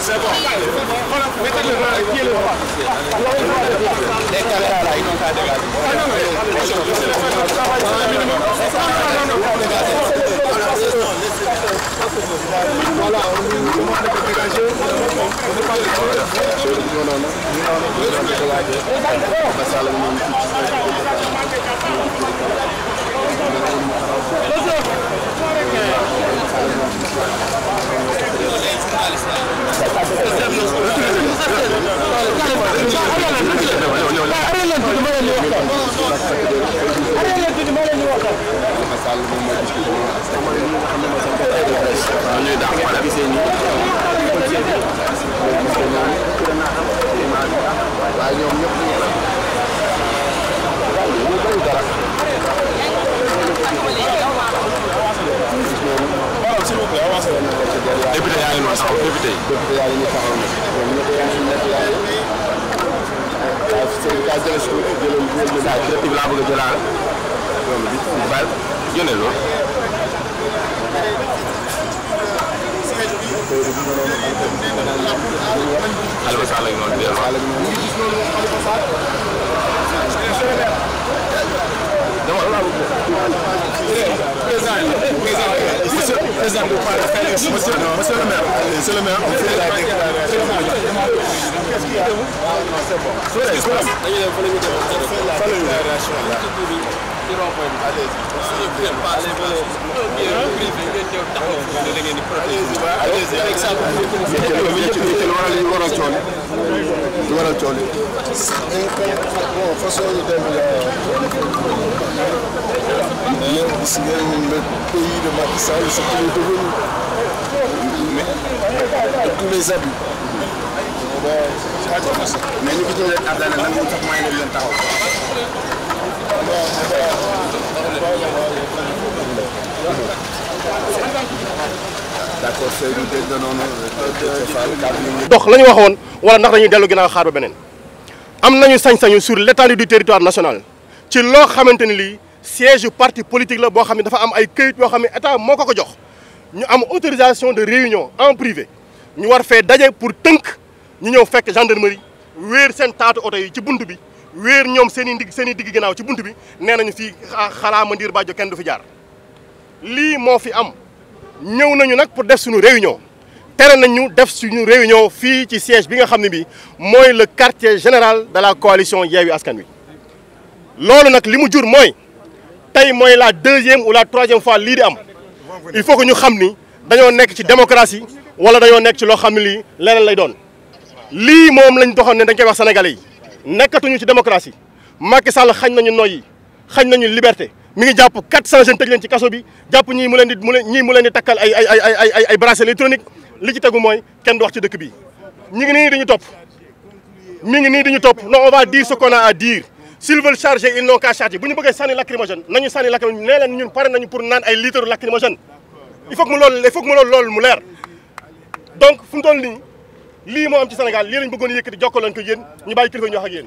c'est bon. Voilà, on nous demande de dégager. On n'est pas de Non, non, non. Bonjour. waaye député yaa ngi noonu taxaw député yi. député yaa ngi nii taxaw na ñoom ñoo koy yaa ngi nekk yaa ngi. waaw Seydou Ka jëlee suuf jëlee jëlee. waaw directive laa bëgg a jëlaat. loolu bi bu baax jëlee lool. Aliou Sall ak noonu bi. Monsieur le maire, monsieur le maire, on fait la déclaration. Allez-y. Allez-y. lu waral coow li. bon façon yi dox la waxoon. wala ndax dañuy dellu ginnaaw xaar ba beneen am nañu sañ-sañu sur l'étendue du territoire national ci loo xamante ni lii siège parti politique la boo xam ne dafa am ay kayit yoo xam ne état moo ko ko jox ñu am autorisation de réunion en privé ñu war fee daje pour tënk ñu ñëw fekk gendarmerie wéer seen taatu oto yi ci bunt bi wéer ñoom seen i ndig seen i digg ginnaaw ci bunt bi nee nañu fii xalaa mandir ndiir bàjjo kenn du fi lii moo fi am ñëw nañu nag pour def suñu réunion tere nañu def suñu réunion fii ci siège bi nga xam ne bi mooy le quartier général de la coalition Yewwi Askan Wi loolu nag li mu jur mooy tey mooy la deuxième ou troisième fois lii di am il faut que ñu xam ni dañoo nekk ci démocratie wala dañoo nekk ci loo xam ne lii leneen lay doon lii moom lañ doxoon ne dañ koy wax sénégalais yi nekkatuñu ci démocratie Macky Sall xañ nañu noyyi xañ nañu liberté mu ngi jàpp 400 jeunes tëj leen ci kaso bi jàpp ñii mu leen di mu ñii mu leen di takkal ay ay ay ay ay li ci tegu mooy kenn du wax ci dëkk bi ñi ngi nii dañu topp mi ngi nii dañu topp non on va dire ce a à dire s'ils veulent charger ils n'ont qu'à charger bu ñu bëggee sànni lacrymogène nañu sànni lacrymogène nee leen ñun pare nañu pour naan ay litres lacrymogène il faut que mu loolu il faut que mu loolu loolu mu leer donc fu mu toll nii lii moo am ci Sénégal lii lañ bëggoon yëkkati jokkoo leen ko yéen ñu bàyyi kilifa ñu wax ak yéen.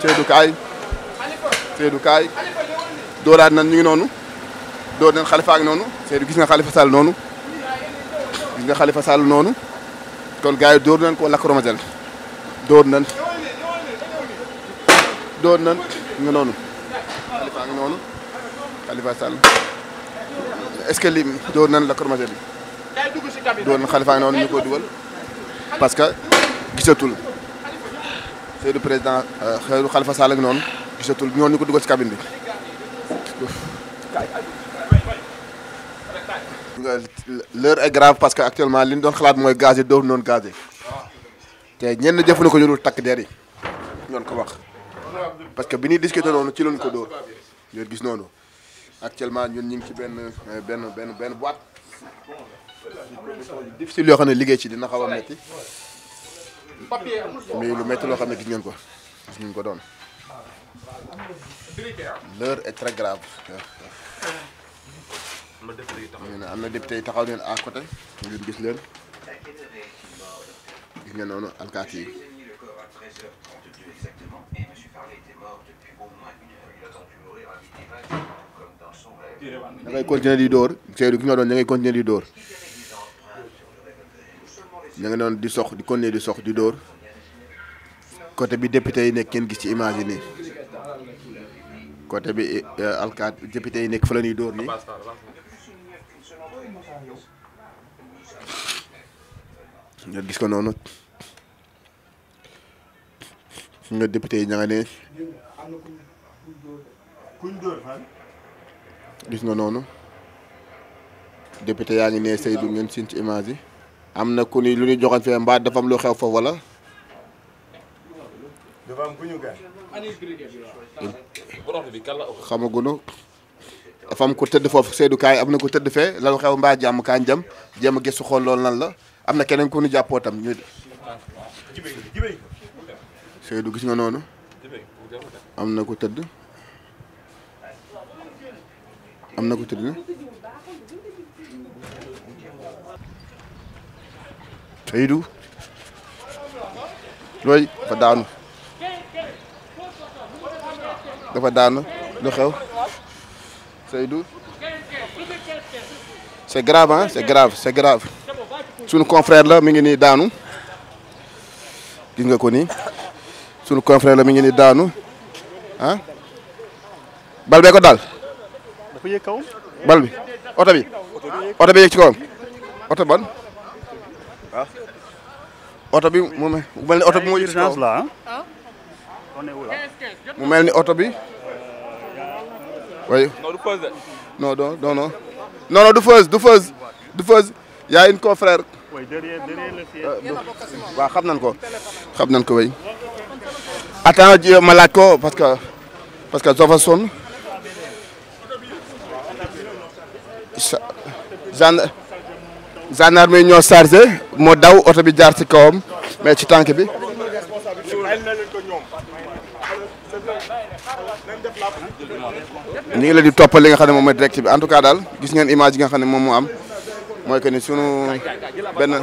Seydou Kaay Seydou Kaay dooraat nan ñu ngi noonu door nañ Khalifa ak noonu Seydou gis nga Khalifa Sall noonu gis nga Khalifa Sall noonu kon gars door nañ ko lakk romajal door nañ door nañ nga noonu Khalifa ak noonu Khalifa Sall est que lii door nañ lakk romajal door nañ Khalifa noonu ñu ko dugal parce que gisatul. xëy président euh, xeeru du Khalifa Sall ak noonu gisatul ñoon ñu ko dugal ci cabine bi. l'heure est parce que actuellement li ñu doon xalaat mooy gaz yi dootu noonu gaz yi te ñenn ko ñu dul takk der yi ñoon ko wax parce que bi ñuy discuter noonu ci lañ ko dóor ñoo gis noonu actuellement ñun ñu ngi ci benn euh, benn benn benn boîte si yoo xam ne liggéey ci dina xaw a metti muy lu métti loo xam ne gis ngeen ko gis ngeen ko doon l'heure est très grave ñu am na député yi taxaw neen à côté gis leen gis ngeen noonu alkaati yi da ngay continuer di dóor Seydou ki nga doon da ngay di dóor ñu ngi doon di sox di kon continuer di sox di dóor côté bi député yi nekk kenn gis ci image yi nii côté bi euh, alkaat député yi nekk fa la ñuy dóor nii nga gis ko noonu nga député yi ña nga gis nga noonu député yaa ngi ne Seydou ngeen siin ci image yi am na ku ni lu ñu joxoon fee mbaa dafa lu xew fa wala. dafa am ku ñu gaañ. xamaguñu dafa am am na ku tëdd fee lan xew mbaa jàmm kaan jëm jéem a gëstu xool loolu lan la am na keneen ku ñu jàppoo tam ñu. gis nga noonu am na ku tëdd am na ku tëdd. Seydou looy dafa daanu dafa daanu lu xew Seydou c'est grave ah c'est grave c'est grave suñu confrère la mi ngi nii daanu gis nga ko nii suñu confrère la mi ngi nii daanu ah bal ko daal bal bi oto bi oto bi yëg ci kawam oto ban waaw bi mu mel ni oto ah? Ah. mu mel ni oto bi. oui non du feuse du feuse du y a une confrère. Euh, waaw xam nañ ko xam nañ ko way attends ma ko parce que parce que dafa gendarme yi ñoo chargé moo daw oto bi jaar ci kawam mais ci tànk bi. ñu ngi di toppal li nga xam ne moom mooy direct bi en tout cas daal gis ngeen image yi nga xam ne moom moo am mooy que ni sunu benn.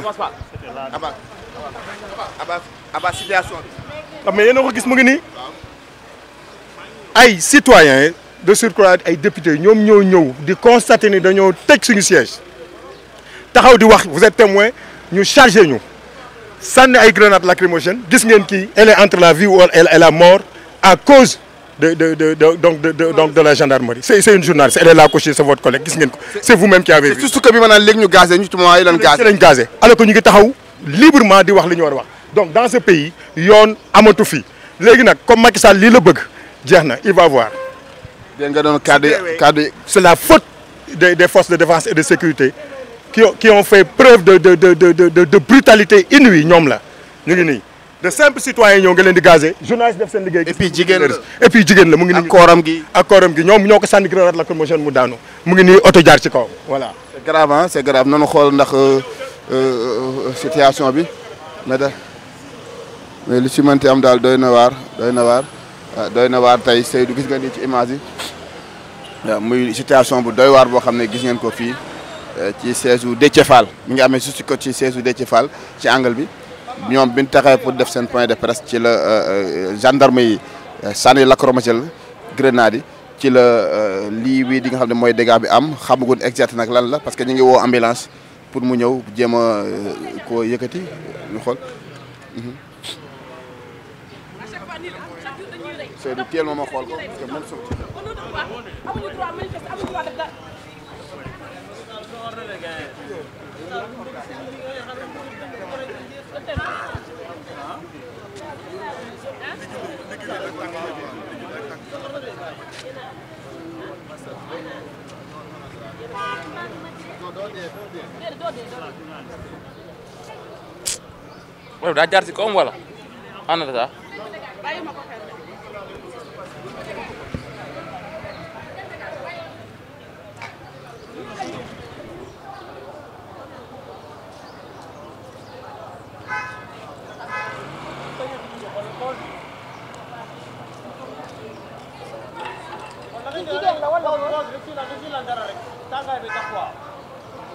Aba Aba Aba situation ah, yéen ko gis mu ngi ay citoyens de ay députés ñoom ñoo ñëw di constater ni dañoo tëj suñu siège. taxaw di wax vous êtes témoin ñu chargé ñu sànni ay grenades lacrymogènes gis ngeen kii elle est entre la vie ou et mort à cause de de de la gendarmerie c'est c'est une journaliste elle est là cochée c'est votre collègue gis ngeen ko c'est vous-même qui avez vu. surtout que bi maanaam léegi ñu gazé ñu tuuma ay lan gazé lañ gazé alors que ñu ngi taxaw librement di wax li ñu war a wax donc dans ce pays yoon amatu fi léegi nag comme Macky Sall lii la bëgg jeex na il va voir. nga doon cadre cadre. c'est la faute des des forces de défense et qui ont qui ont fait preuve de de de brutalité inouïe ñoom la ñu ngi nii de simples citoyens ñoo nga leen di gazé journaliste def seen liggéey. et puis jigéen la et mu ngi nii. ak kooram gi ak kooram gi ñoom ñoo ko sànni grenade lacrymogène mu daanu mu ngi nii oto jaar ci kaw voilà. c'est grave ah c'est xool ndax euh, euh, situation bi na da lu ci mënti am daal doy na waar doy na waar ah, doy na waar tey Seydou gis nga nii ci image yi waaw muy situation bu doy waar boo xam ne gis ngeen ko fii. ci siège u Déthié Fall mi ngi amee juste côté ci siège u Déthié Fall ci angle bi ñoom bi ñu pour def seen point de presse ci la euh, euh, gendarme yi euh, sànni lacrymogène grenade yi ci la lii wii di nga xam ne mooy dégâts bi am xamaguñ exact nag lan la parce que ñu ngi woo ambulance pour mu ñëw jéem a koo yëkkati ñu xool. Mhm. daa jaar si koom wala ana ta Gracias.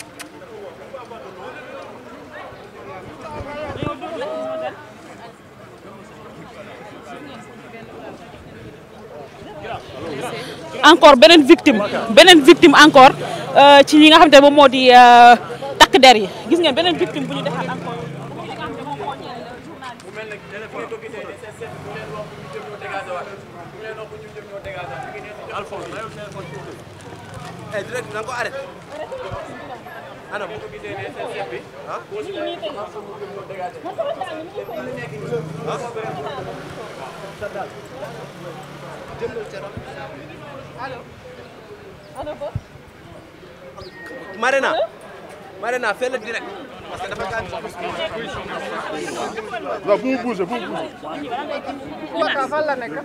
encore beneen victime beneen victime encore euh, ci li nga xam te moom moo di euh, takk der yi gis ngeen beneen victime bu ñu defal encore. Eh, Marena Marena fais le direct parce que dafa gaañ non bu mu bouger bu mu bouger Ouaka fan la nekk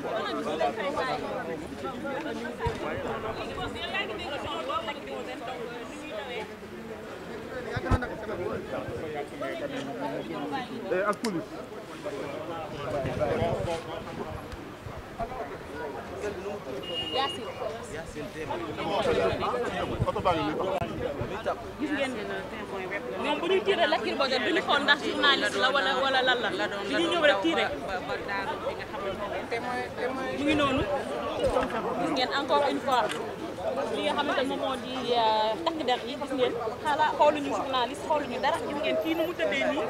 eh, ak police ñoom bu ñu tiiree la kii boobu duñu xool ndax journaliste la wala wala lan la bi ñu ñëw rek tiiree mu ngi noonu gis ngeen encore une fois li nga xamante ne moom moo di takk der yi gis ngeen ñu xooluñu journaliste xooluñu dara gis ngeen kii nu mu tëddee nii.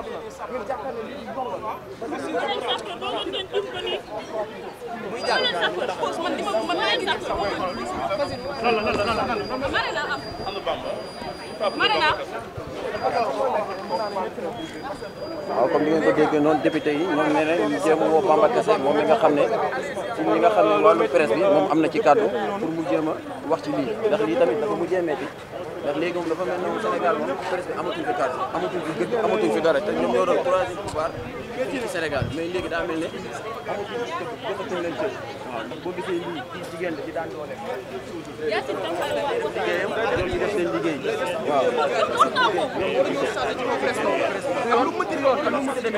waaw comme ni ngeen ko déggee noonu député yi ñoom nee nañu jéem Bamba Kassé moom mi nga xam ne ci li nga xam ne wàllu presse bi moom am na ci kàddu pour mu jéem wax ci lii ndax lii tamit dafa mujjee metti ndax léegi moom dafa mel ne Sénégal moom presque amatuñ fi carte amatuñ fi gëj amatuñ fi dara te ñoom ñoo doon troisième pouvoir fii ci Sénégal mais léegi daa mel ne amatuñ fi cër joxatuñ leen cër waaw boo gisee lii ci jigéen la ci daan doole liggéeyam ñoom ñu waaw lu mënti lool ak lu mënti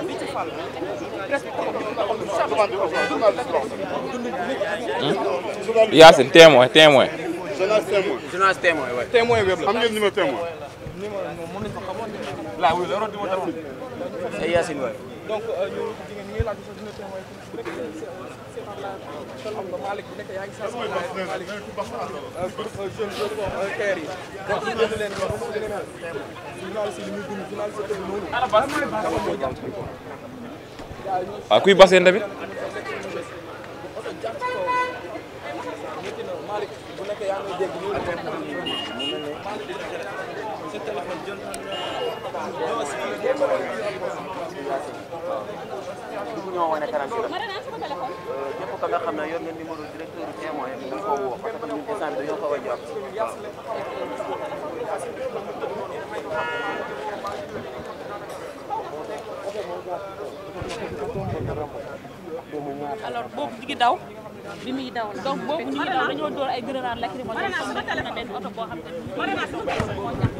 Hmm? Yacine témoin témoin. journaliste témoin waay. témoin web la am ngeen numéro témoin. numéro moom lañ ko xamoon de. laa wuyu la yoroo numéro euh, témoin. ay Yacine waay. donc ñu ngi laaj sa numéro témoin. xam nga Malick bu nekk yaa ngi saa Malick jeune jeune bon kër yi donc ñu leen nekk yaa ñoo wane garantie la képp ko nga xam ne yor ngeen numéro directeur du témoin bi nga ko woo parce que ñun instant bi dañoo xaw a jàpp alors boobu ñu ngi daw bi muy daw la donc boobu ñu ngi daw dañoo door ay grenades benn oto boo xam ne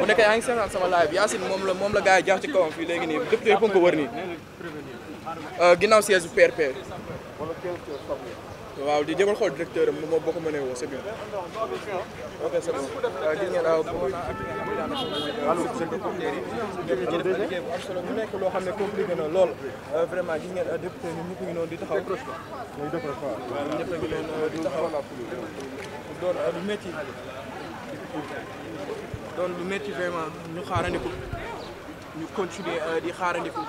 bu nekkee yaa ngi seetaan sama live bi Yacine moom la moom la gars yi jaar ci kawam fii léegi nii député yëpp nga ko wër nii euh, ginnaaw siège bu PRP waaw di jëmal xool directeur am moom boo ko mënee woo c'est bien ok c'est bon euh, gis ngeen euh, mu nekk loo xam ne ko na lool vraiment gis ngeen député ñun ñëpp ngi noonu di taxaw ñëpp ngi noonu di taxaw door doon lu métti vraiment ñu xaarandiku ñu continuer euh, di xaarandiku.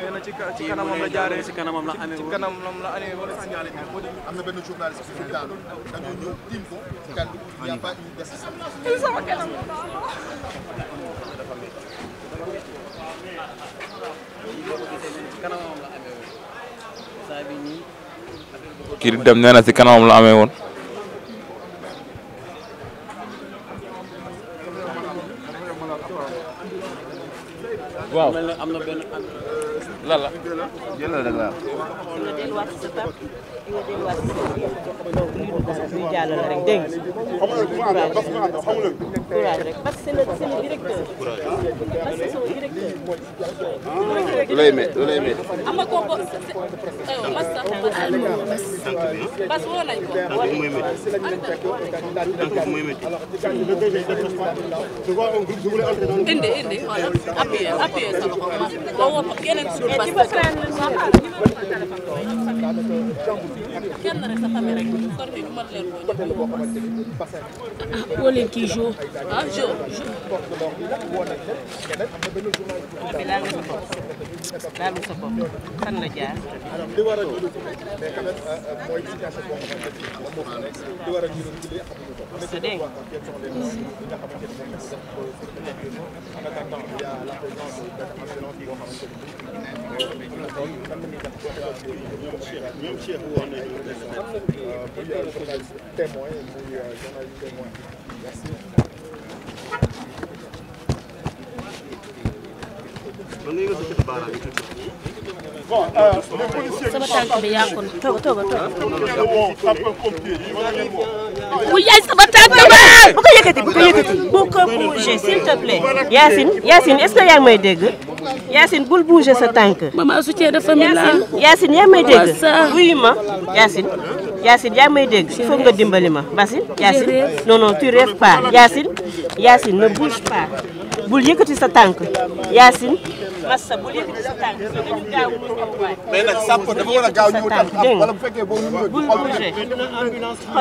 xëy ci ci kanamam la jaaree ci kanamam la amee ci kanamam la amee wala na benn journaliste bi dem nee na ci kanamam la amee woon. waaw mel na am na benn lan la jëlal rek laa ñu jàllale rek dégg nga. courage rek parce que c'est le c'est le directeur. parce que c'est le directeur. lu lay métti lu lay métti. am na kooku bas woo nañ ko. indi indi voilà appuyé appuyé sa loxo ma woo ko keneen su bas. a kenn rek sa a rek kon bi du mat leen a ah, ñëw. woo leen kii jour. ah jour jour. a laal nga sa bopp laal nga sa bopp a la jaar. c'est dégg nga. Bon, euh, les policiers qui sont à bu yaay sama tànk ba bu ko yëkkati bu ko yëkkati bu ko bouger s'il te plaît Yacine Yacine est-ce que yaa ngi may dégg Yacine bul bouger sa tànk. maman soutien de famille laa. Yacine yaa may dégg. wuyu ma Yacine. Yacine yaa may dégg il faut nga dimbali ma Basile Yacine non non tu rêves pas Yacine Yacine ne bul yëkkati sa tànk Yacine. massa bu yëkkati sa tànk nga ñu gaaw a wutal waay. mais nag sàpp dafa war a gaaw ñëw tamit am wala bu fekkee boo mënul woon. xaw ma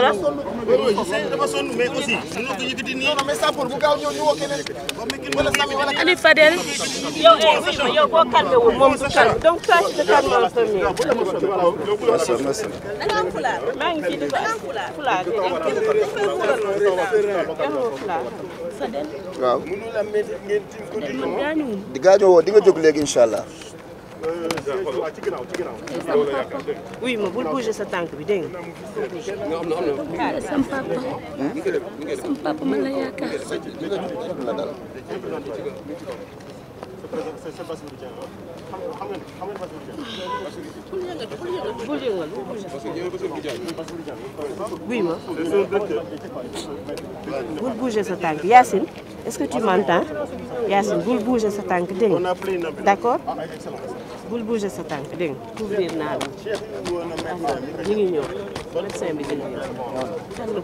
dafa sonn mais aussi. mën na ko yëkkati nii mais sàpp bu gaaw ñëw ñu woo keneen. wala sami wala keneen. Fadel yow eh yow boo calmé wul moom du calme donc toi tu te calmes en premier. maa ngi fii di ko fulaar. fulaar dafa waaw mënul am ngeen tim ko di nga jóg léegi incha allah. ci ginnaaw ci ginnaaw. oui ma bul bouger sa tànk bi dégg nga. sam papa. Hmm? sam papa man la yaakaar. buy ma bul bouger sa tànk Yacine est que tu m'entends Yacine bul bouger sa tànk dégg nga d'accord bul bouger sa tànk dégg nga couvrir la ñu ngi ñëw médecin bi dina ñëw bul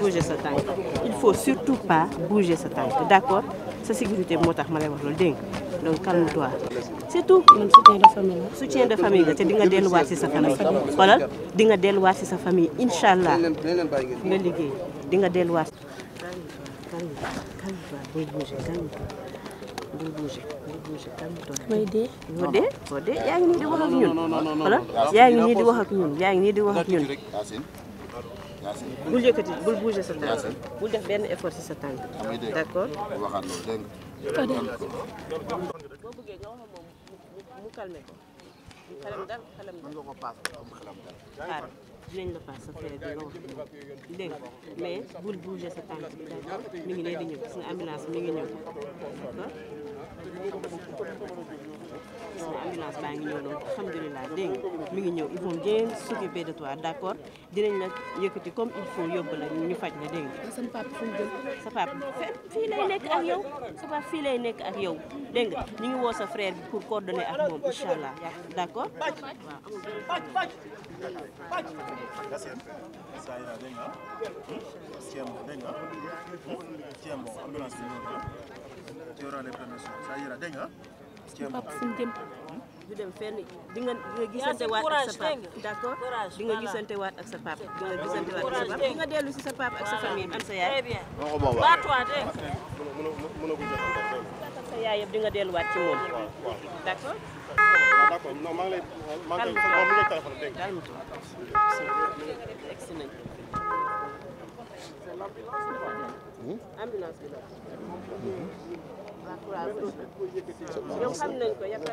bouger sa tànk il faut surtout pas bouger sa tànk d'accord sa sécurité moo tax ma lay wax loolu dégg donc calme-toi c'est tout. man soutien de famille soutien de famille nga te di nga delluwaat si sa famille. xoolal di nga delluwaat si famille incha allah nga liggéey di nga delluwaat. bul bougé bul bougé mooy dee. moo di wax ak ñun. voilà yaa ngi nii di wax ak ñun yaa ngi nii di wax ak ñun. bul yëkkati bul bouger sa tànk bul def benn effort ci sa tànk d'accord waxaat loolu boo bëggee nga wax moom mu calmé ko mu xelam dal xelam dal mën nga ko paas am xelam dal xaar dinañ la paas sa frère bi wax dégg mais bul bouger sa tànk bi ngi ne di ñëw gis nga ambulance ngi ñëw sama ambulance baa ngi ñëw mi ngi ñëw ils vont bien s'occuper de toi d'accord la yëkkati comme il faut yóbbu la ñu faj la dégg nga. sama sa papa fii lay nekk ak yow sa papa fii lay nekk ak yow dégg ñu ngi woo sa frère bi pour coordonner ak moom incha allah d'accord. waaw. Pape Sine Deme du dem fenn di nga gisante waat ak sa pap d'accord di nga gisante waat ak sa pap di nga gisante waat ak sa pap di nga dellu si sa pap ak sa famille am sa yaay sa yaay yëpp di nga delluwaat ci moom d'accord d'accord non maa ngi lay maa ngi lay téléphone dégg hmm? ambulance bi la hmm? ñoom xam nañ ko yàlla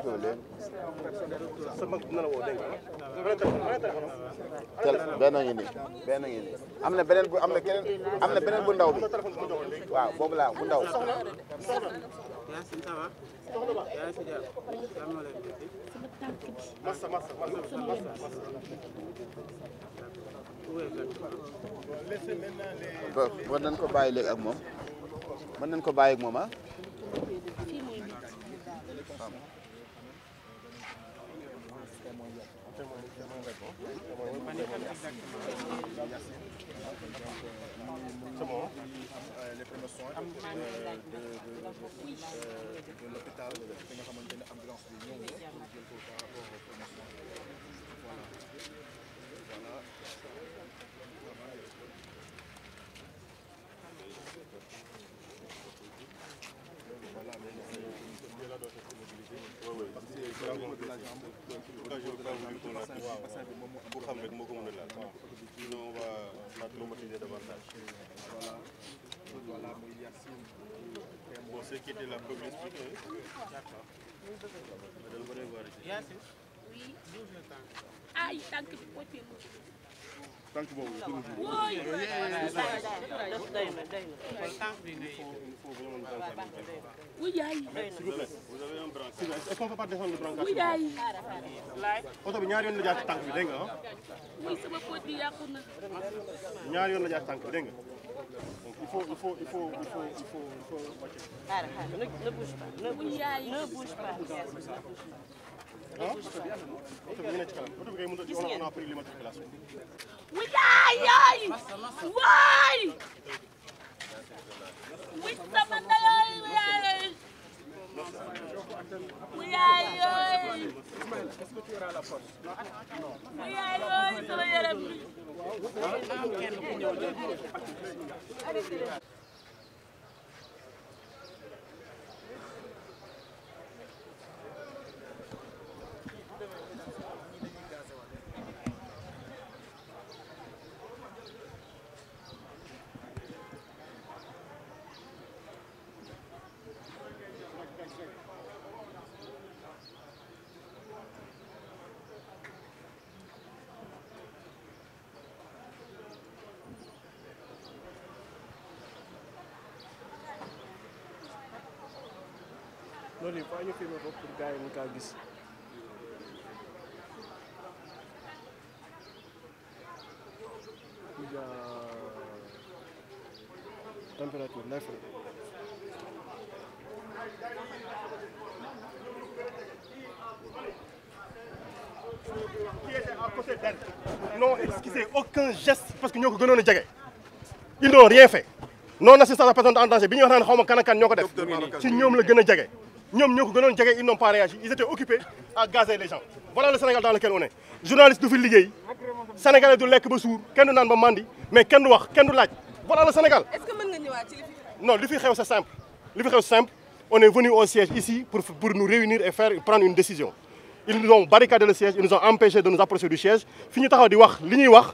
na. benn ngi nii benn ngi nii am na beneen bu am na keneen am na beneen bu ndaw bi waaw boobu laa bu ndaw. bon mën nañ ko bàyyi léegi ak moom mën nañ ko bàyyi ak moom ah. Voilà. bu xam rek moo ko mën a laal waaw sinon on va la traumatiser davantage. voilà mooy Yacine. bon ce qui était la première speaker. Yacine. oui. ayi tànk bi tànk boobu la dugg jiw. oui yaay. est-ce qu'on peut pas descendre le brancard. oui yaay. oto bi ñaari yoon la jaar ci tànk bi dégg nga ah. oui sama pot bi yàqu na. ñaari yoon la jaar ci tànk bi dégg nga. donc il faut il faut il faut il faut il faut il faut wàcce. ne bouge pas ne bouge pas. wilaay yaay waay wit sama ndeyooy wilaay wilaay yooy wilaay yooy sama yaram bi gars yi ñu kaa gis kuja température neuf non aucun geste parce que ñoo ko gënoon a jege ils n'ont rien fait non assistance à personne en danger bi ñuy wax naan xaw ma ñoo ko def ci ñoom la gën a jege ñoom ñoo ko gënoon jege ils n'ont pas réagi ils étaient occupés à gazer les gens voilà le Sénégal dans lequel on est journaliste du fi liggéey sénégalais du lekk ba suur kenn du naan ba mandi mais kenn du wax kenn du laaj voilà le Sénégal. est fi non li fi xew c'est simple li fi xew simple on est venu au siège ici pour pour nous réunir et faire prendre une décision ils nous ont barricadé le siège ils nous ont empêché de nous approcher du siège fi ñu taxaw di wax li ñuy wax.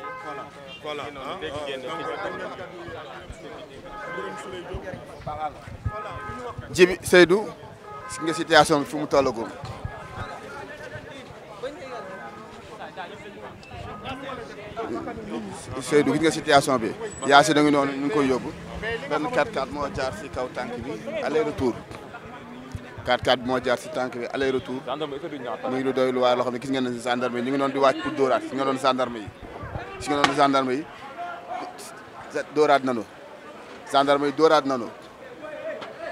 voilà ah waaw jibi si nga situation bi fu mu tollagum. Seydou gis nga situation bi yaa si da nga noonu ñu ngi koy yóbbu benn 4-4 moo jaar si kaw tànk bi aller retour 4-4 moo jaar si tànk bi aller retour mu lu doy lu waar loo xam ne gis ngeen ne gendarme yi di wàcc pour dóoraat si nga doon gendarme yi. gis nga noonu gendarme yi dóoraat nanu gendarme yi dóoraat nanu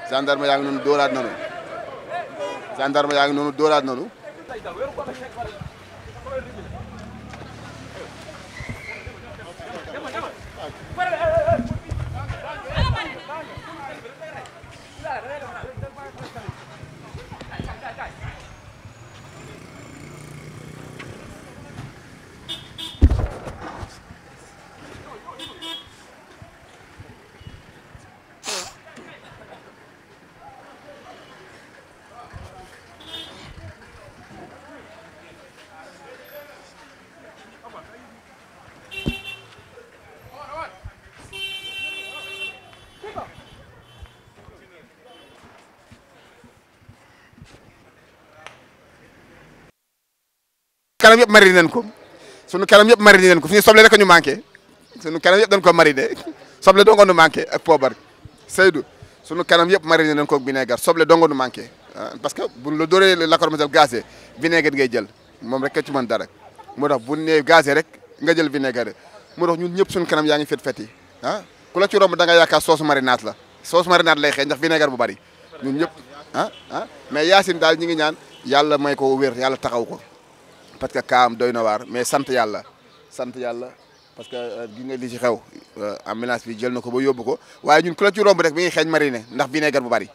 gendarme yaa ngi noonu dóoraat nanu gendarme yaa ngi noonu dóoraat nanu kanam yëpp marine ko sunu kanam yëpp marine nañ ko fi ñu soble rek ñu manqué sunu kanam yëpp dañ ko mariner soble dongo nu manqué ak poobar Seydou sunu kanam yëpp mariner nañ ko ak vinaigre soble dongo nu manqué ah, parce que buñ la dóoree l'accorbensal gazé vinaigre moom rek ci mën moo tax bu nee gazé rek nga jël vinaigre moo tax ñun ñëpp sunu kanam yaa ngi fet fet yi ah ku la ci romb da la sauce marinade lay xëy ndax vinaigre bu bari ñun ñëpp ah, ah mais Yacine daal ñi ngi ñaan yàlla may ko weer yàlla taxaw ko parce que kaam doy na waar mais sant yàlla sant yàlla parce que euh, gi nga li ci xew euh, ambulance bi jël na ko ba yóbbu ko waaye ñun ko la ci romb rek mi ngi xeeñ marine ndax vinaigre bu bari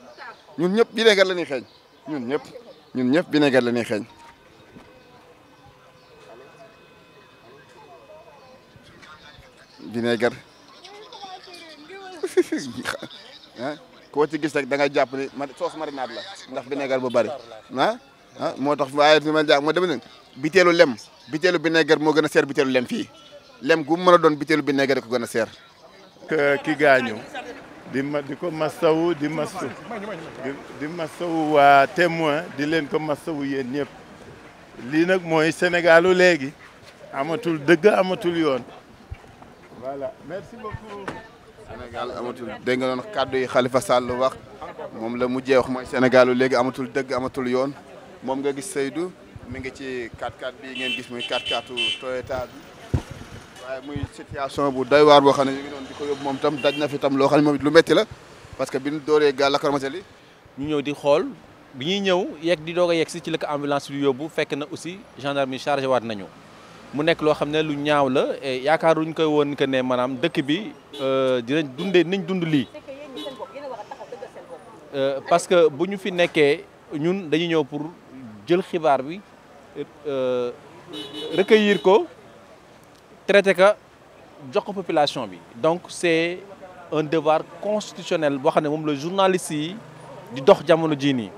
ñun ñëpp vinaigre la ñuy xeeñ ñun ñëpp ñun ñëpp vinaigre la ñuy xeeñ. vinaigre ah koo ci gis rek da ngay jàpp ni soos marinade la ndax vinaigre bu bari ah. Ah, moo tax waaye li ma jaa ma dem ne biteelu lem biteelu vinaigre moo gën a seer biteelu lem fii lem gu mën a doon biteelu vinaigre ko gën a seer. ki gaañu di ma di ko masawu di masawu di masawu waa di leen ko masawu yéen ñëpp lii nag mooy Sénégalu léegi amatul dëgg amatul yoon voilà merci beaucoup. Sénégal amatul kàddu yi Khalifa Sall moom la mujjee wax mooy Sénégalu léegi amatul dëgg amatul yoon. moom nga gis Seydou mu ngi ci 4x4 ngeen gis muy 4x4 Toyota bi waaye muy situation bu doy waar boo xam ne ñu ngi doon di ko yóbbu moom itam daj na fi tam loo xam ne lu métti la parce que bi ñu dooree gàllakarmasel yi ñu ñëw di xool bi ñuy ñëw yegg di doog yegg si ci la ko ambulance bi yóbbu fekk na aussi gendarmerie chargé waat nañu mu nekk loo xam ne lu ñaaw la yaakaaruñ koy woon que ne maanaam dëkk bi euh, dinañ dundee nañ dund lii euh, parce que bu ñu fi nekkee ñun dañuy ñëw pour jël xibaar bi euh, recueillir ko traité ka jox ko population bi. donc c'est un devoir constitutionnel boo xam ne moom la journaliste yi di dox jamono jii nii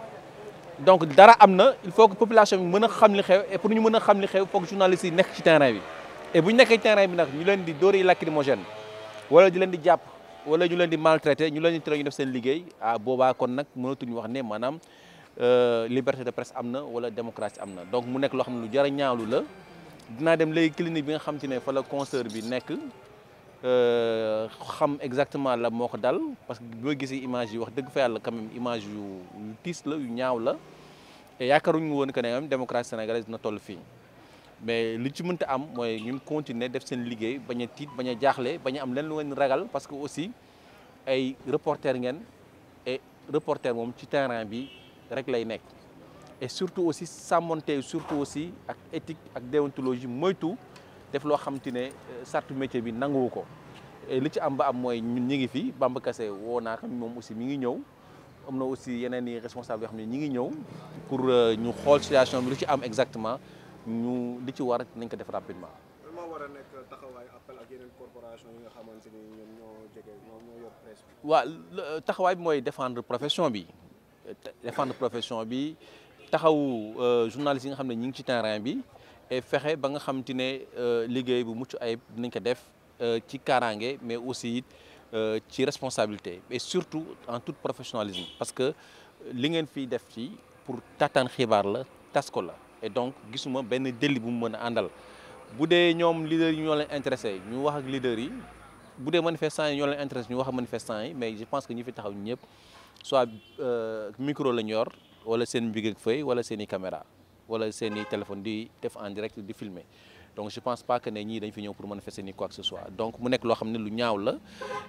donc dara am na il faut que population bi mën a xam li xew et pour ñu mën a xam li xew il faut que journaliste yi nekk ci terrain bi. et bu ñu nekkee terrain bi nag ñu leen di doori dóori lacrymogène wala di leen di jàpp wala ñu leen di maltraité ñu leen di tere ñu def seen liggéey ah boobaa kon nag mënatuñu wax ne maanaam. Euh, liberté de presse am na wala démocratie am na donc mu nekk loo xam ne lu jara a ñaawlu la dinaa dem léegi clinique bi nga xam te ne fa la consoeur bi nekk euh, xam exactement la moo ko dal parce que bi ma gisee image yu wax dëgg fa yàlla quand image yu yu tiis la yu ñaaw la te yaakaaruñu woon que ne am démocratie sénégalaise dina toll fii mais li ci mënta am mooy ñun continuer def seen liggéey bañ a tiit bañ a jaaxle bañ am leen lu ngeen ragal parce que aussi ay reporter ngeen moom ci terrain bi rek lay nekk et surtout aussi sàmmonte surtout aussi ak éthique ak déontologie moytu def loo xam te ne euh, sartu métier bi nanguwu ko et li ci am ba mooy ñun ñi ngi fi Bamba Kassé woo naa moom aussi mi ngi ñëw am na aussi yeneen i responsable yoo xam ne ñi ngi ñëw pour euh, ñu xool situation bi lu ci am exactement ñu li ci war nañ ko def rapidement waaw euh, taxawaay bi mooy défendre profession bi te défendre profession bi taxawu euh, journaliste yi nga xam ne ñi ngi ci terrain bi e fexe ba nga xam te ne euh, liggéey bu mucc ayib dinañ ko def euh, ci kaaraange mais aussi it ci responsabilité et surtout en tout professionnalisme parce que li ngeen fi def ci pour tataan xibaar la tas ko la et donc gisuma benn délit bu mu mën a àndal bu dee ñoom leaders yi ñoo leen intéressé ñu wax ak leaders yi bu dee manifestants yi ñoo leen intéressé ñu wax ak manifestants yi mais je que ñu fi taxaw ñëpp soit euh, micro lañ yor wala seen mbig ak feuille wala seen i caméra wala seen i téléphone di def en direct di filmer donc je pense pas que ne ñii dañ fi ñëw pour manifester ni quoi que ce soit donc mu nekk loo xam ne lu ñaaw la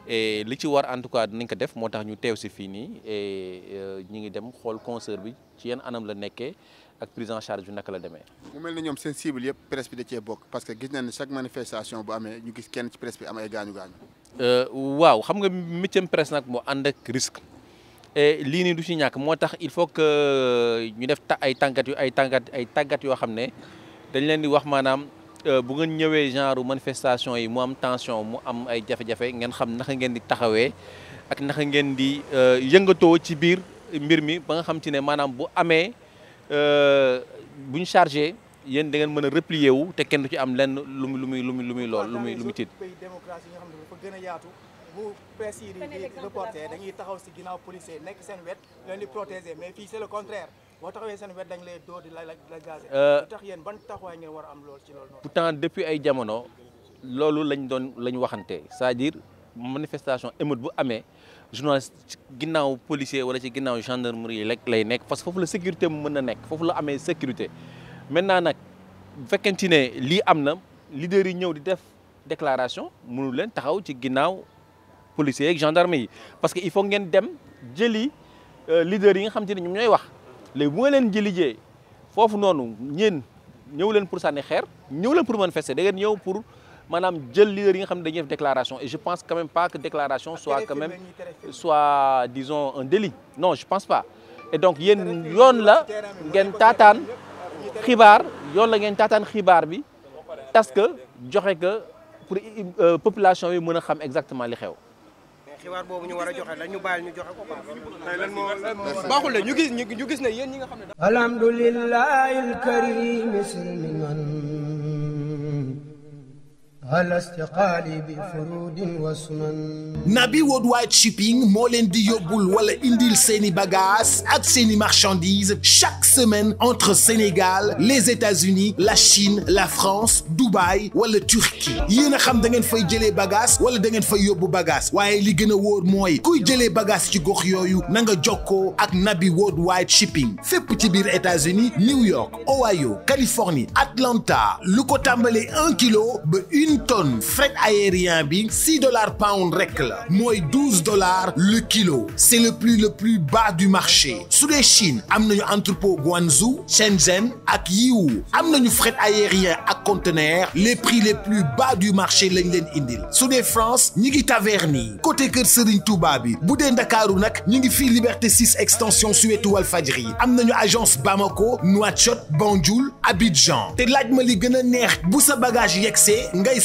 et li ci war en tout cas dinañ ko def moo tax ñu teew si fii nii et euh, ñi ngi dem xool concert bi ci yenn anam la nekkee ak prise en charge bi naka la demee. mu mel ne ñoom seen cible yëpp presse bi da cee bokk parce que gis nañ ni chaque manifestation bu amee ñu gis kenn ci presse bi am ay gaañu euh, waaw xam nga métier presse nag moo ànd ak risque. et lii nii du ci ñàkk moo tax il faut que euh, ñu def ta ay tàngat yu ay tàngat ay tàggat yoo xam ne dañ leen di wax maanaam euh, bu ngeen ñëwee genre manifestation yi mu am tension mu am ay jafe-jafe ngeen xam naka ngeen di taxawee ak naka ngeen di euh, yëngatoo ci biir mbir mi ba nga xam ci ne maanaam bu amee buñ chargé yéen dangeen ngeen mën a replier wu te kenn du ci am lenn lu muy lu muy lu muy lu muy lool lu lu muy tiit. bu presse yi di reporter dañuy taxaw si ginnaaw policier nekk seen wet leen di protéger mais fii c'est le contraire boo taxawee seen wet dañ lay dóor di la la euh, la tax yéen ban taxawaay ngeen war am lool ci loolu noonu. pourtant ay jamono loolu lañ doon lañ waxante sa à dire manifestation émeute bu amee journaliste ci ginnaaw policier wala ci ginnaaw gendarmerie lekk lay nekk parce que foofu la sécurité mu mën a nekk foofu la amee sécurité maintenant nag bu fekkente ne lii am na leader yi ñëw di def déclaration policiers yeeg gendarme yi parce que il faut ngeen dem jëli euh, leaders yi nga xam te ne ñoom ñooy wax le bu leen jëli jee foofu noonu ñeen ñëw leen pour sànni xeer ñëw leen pour manifester da ngeen ñëw pour maanaam jël leader yi nga xam ne dañuy def déclaration et je pense pas que déclaration soit quand même soit disons un délit non je pense pas et donc yéen yoon la ngeen taataan xibaar yoon la ngeen taataan xibaar bi parce que joxe que pour euh, population bi mën a xam exactement li xew xibaar boobu ñu war a joxe la ñu bàyyi ñu joxe ko quoi. tey lan moo baaxul de ñu gis ñu gis ne yéen ñi nga xam ne. alhamdulilah. Nabi Worldwide Shipping moo leen di yóbbul wala indil seeni bagages ak seeni marchandises chaque semaine entre Sénégal les États-Unis la Chine la France Dubaï wala Turquie yéen a xam da ngeen fay jëlee bagages wala da ngeen fay yóbbu bagaas waaye li gën a wóor mooy kuy jëlee bagaas ci gox yooyu na nga jokkoo ak Nabi Worldwide Shipping fépp ci biir États-Unis New York Ohio Californie Atlanta lu ko tàmbalee kilo ba ñetti tonnes fret aérien bi six dollars pound rek la mooy douze dollars le kilo c'est le plus le plus bas du marché su dee Chine am nañu entrepôt Guangzhou Shenzhen ak Yiwu am nañu fret aérien ak conteneur les prix les plus bas du marché lañ leen indil su dee France ñi ngi Taverny côté Kër Serigne Touba bi bu dee Ndakaaru nag ñi ngi fii Liberté 6 extension Suwetu Walfadjri am nañu agence Bamako Nouakchott Banjul Abidjan te laaj ma li gën a neex bu sa bagage yegsee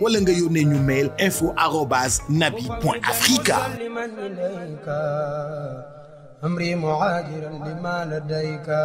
wala nga yónnee ñu mail info arobase nabi point africa amri muhajiran lima ladayka